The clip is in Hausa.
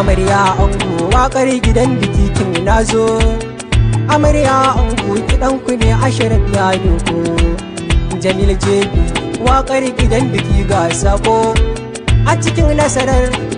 amarya ango wakar gidan biki kin nazo amarya ango kidan ku ne ashirin ya duku jamil jebi wakar gidan biki ga sako a cikin nasarar